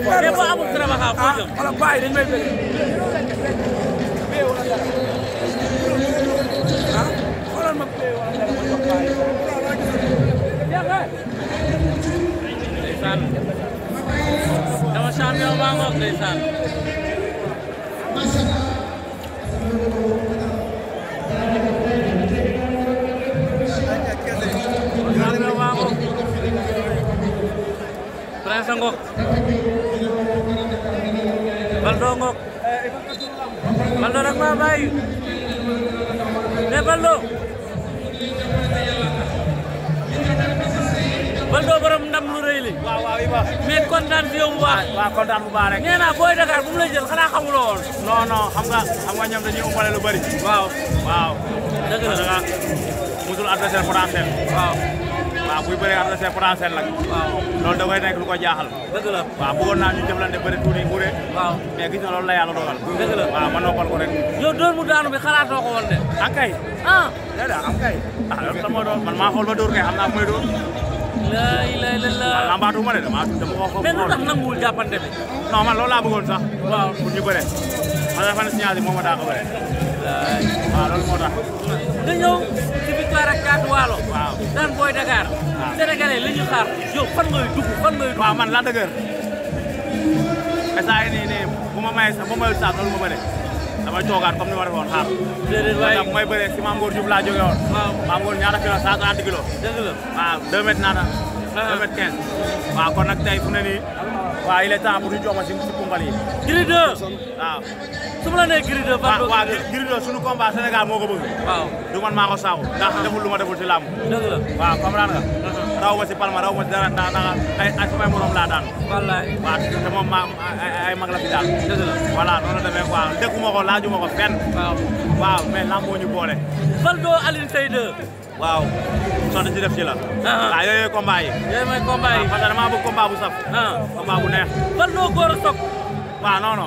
mais boo amul trabaxa foo jëm wala bàyyi dañ may bëgg ah xoolal ma ndeysaan dama champion baa ngoog ndeysaan Prince Ngok Baldo ngoog Baldo nag maa bàyyi ne Baldo Baldo borom ndam lu rëy li waaw waaw yi baax bu baax waaw kontaan bu baax rek booy Dakar bu mu la jël xanaa xamuloo woon non non xam nga xam nga ñoom dañuy umpale lu bëri waaw waaw dëgg la danga musul adversaire waaw buy bëree adversaire français la. waaw loolu da nekk lu ko jaaxal. dëgg la waaw bëggoon naa ñu jëflante bëri tuuti wure. waaw mais loolu la yàlla dogal. dëgg la waaw ma noppal ko rek. yow door mu daanu bi xalaatoo ko de. ak ah, kay. ah déedéet ah, ah, man maa xool ba door kay xam naa mooy door. laa ilaaha illallaah. waaw lambaatu ma de damaa dama ko xool. mais lu tax nanguwul bi. non man loolu laa bëggoon sax. waaw bëre. man dafa ne signal bi moom moo waaw loolu moo tax. nga ñëw ci victoire Waalo. waaw daan booy Dakar. waaw Sénégalais li ñu xaar yow fan ngay man la dëgër esaay nii nii bu ma mayee sax bu mayul sax loolu ma bëre damay toogaat comme ni ma defoon xaar. déedéet waaye ndax may bëree si Maam Ngor Diouf laa jógee woon. waaw Maam Ngor kilo 130 kilos. dëgg la naata. 2 mètres 15. waaw tey fu waaw il est temps pour si si pungal yi. Gris 2 waaw. su ma sunu combat Sénégal moo ko bëgg. waaw du man maa ko saaku. ndax deful lu ma deful si làmb. dëgg la waaw comprendre nga. raw ma si palma raw ma si dara daan daan ay ay samay morom laa daan. wallaay waaw te moom ma ay mag la fi daan. dëgg la voilà noonu waaw sonn si def ci la. Ah, ah. waaw yooyu combat yi. yooyu mooy combat yi ah, parce que dama bëgg combat bu saf. combat bu neex. fan nga góor a soog. waaw non lu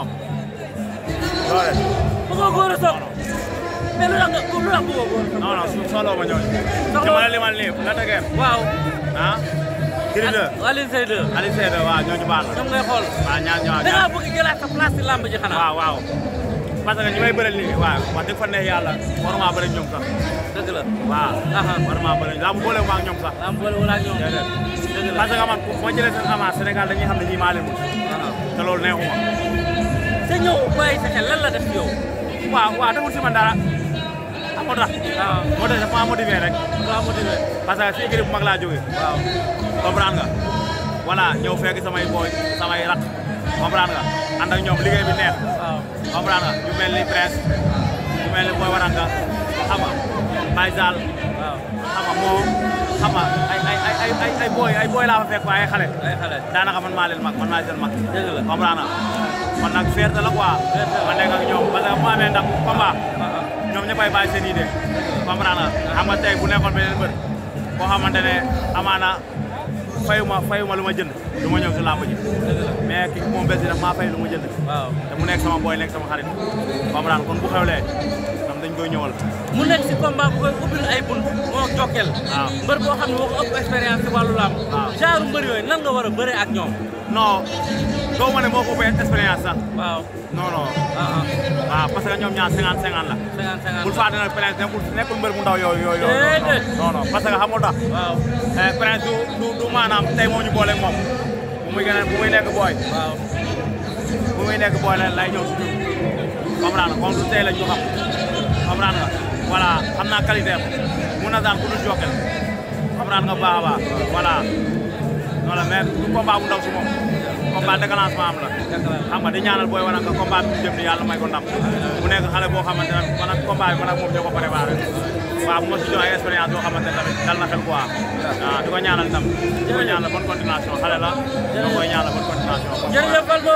tax nga lu tax bëggoo góor. non non limal nii la tegee. waaw. ah. Gris 2 Alioune Seye 2. ñooñu baax na. ñoom ngay xool. waaw ñaar ñoo da ngaa bëgg jëlaat sa place si waaw waaw. parce que ñi may bëral nii waaw wax dëgg fa ne yàlla waruma bëri ñoom sax. dëgg la waaw. waruma bëri laa maa ak ñoom sax. laa mu boole wala ak ñoom. dëgg la parce que man boo jëlee seen avance si man dara. ah moo tax. waaw ah. ah, moo tax dafa motivé rek. bu mag laa nga. voilà ñëw fekk samay booy samay rat comprendre nga ànd ak liggéey bi neex. Ah. comprendre nga ñu mel ni presse ñu booy waranga xam nga Baye Sall waaw xam ay booy laa fa fekk ay xale. daanaka man maa leen mag man maa seen mag. dëgg la comprendre nga kon nag fierté la quoi. fierté la man nekk ak ñoom parce que bu ma ñoom ñëppay bàyyi seen idée comprendre nga xam nga tey bu bër boo xamante ne amaana. fayuma fayuma lu ma jënd lu ma ñëw si làmb ji ki moom bés daf maa fay lu ma jënd te mu nekk sama booy nekk sama xarit bam daan kon bu xewlee dam dañ koy ñëwal mu nekk si combat bu koy ubbil ay bunt moo jokkeel waaw mbër boo xam ne moo ëpp expérience si wàllu làmb genre mbër yooyu nan nga war a bëree ak ñoom non soo ma ne moo ko ëpp expérience sax. waaw non non. waaw parce que ñoom ñaar cinquante cinquante la. cinquante cinquante bul fàtte nag Prince nekkul nekkul mbër mu ndaw yooyu yooyu. non non parce que xam nga tax. waaw eh, Prince du du du maanaam tey moo ñu booleeg moom bu muy gën a bu muy nekk booy. waaw bu muy nekk booy la lay ñëw si ñun. comprendre nga comme du tey la ñu xam comprendre nga voilà xam naa qualité am mun na daan ku dul jokkeel comprendre nga baax a baax voilà. voilà mais du combat bu ndaw si moom. combat de classement am la xam nga di ñaanal booy wana nga combat bi jëm ni yàlla may ko ndam mu nekk xale boo xamante ne man ak combat bi man ak moom ñoo ko préparé waaw bu ma si jox ay expérience boo xamante ne tamit dal na xel quoi waaw di ko ñaanal ndam di ko ñaanal bonne continuation xale la di koy ñaanal bonne continuation jërëjëf Valdo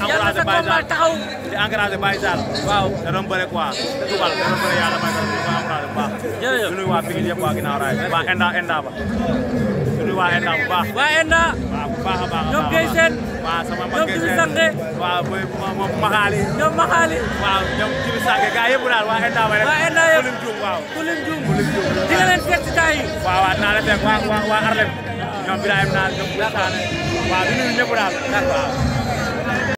yàlla sa combat taxaw di encouragé Baye Sall waaw da doon bëre quoi tubal da doon bëre yàlla may ko di ko encouragé bu baax jërëjëf di nuyu waa Pikine yëpp waa ginnaaw raay waa Enda Enda ba di nuyu waa Enda bu baax waa Enda baax a baax a baax ñoom Guèye Sène. waaw sama mag Guèye Sène ñoom Jibi Sange. waaw mooy moom Maxaali. ñoom Maxaali. waaw ñoom Jibi Sange gars yëpp daal waa Enda rek. waa Enda yëpp Kulim Dioum waaw. Kulim Dioum Kulim Dioum. di nga leen seet si temps yii. waaw waaw naa leen fekk waa waa Arlem. ñoom Birahim naa ñoom Birahim Sane. waaw ñu nuyu ñëpp daal. d'accord waaw.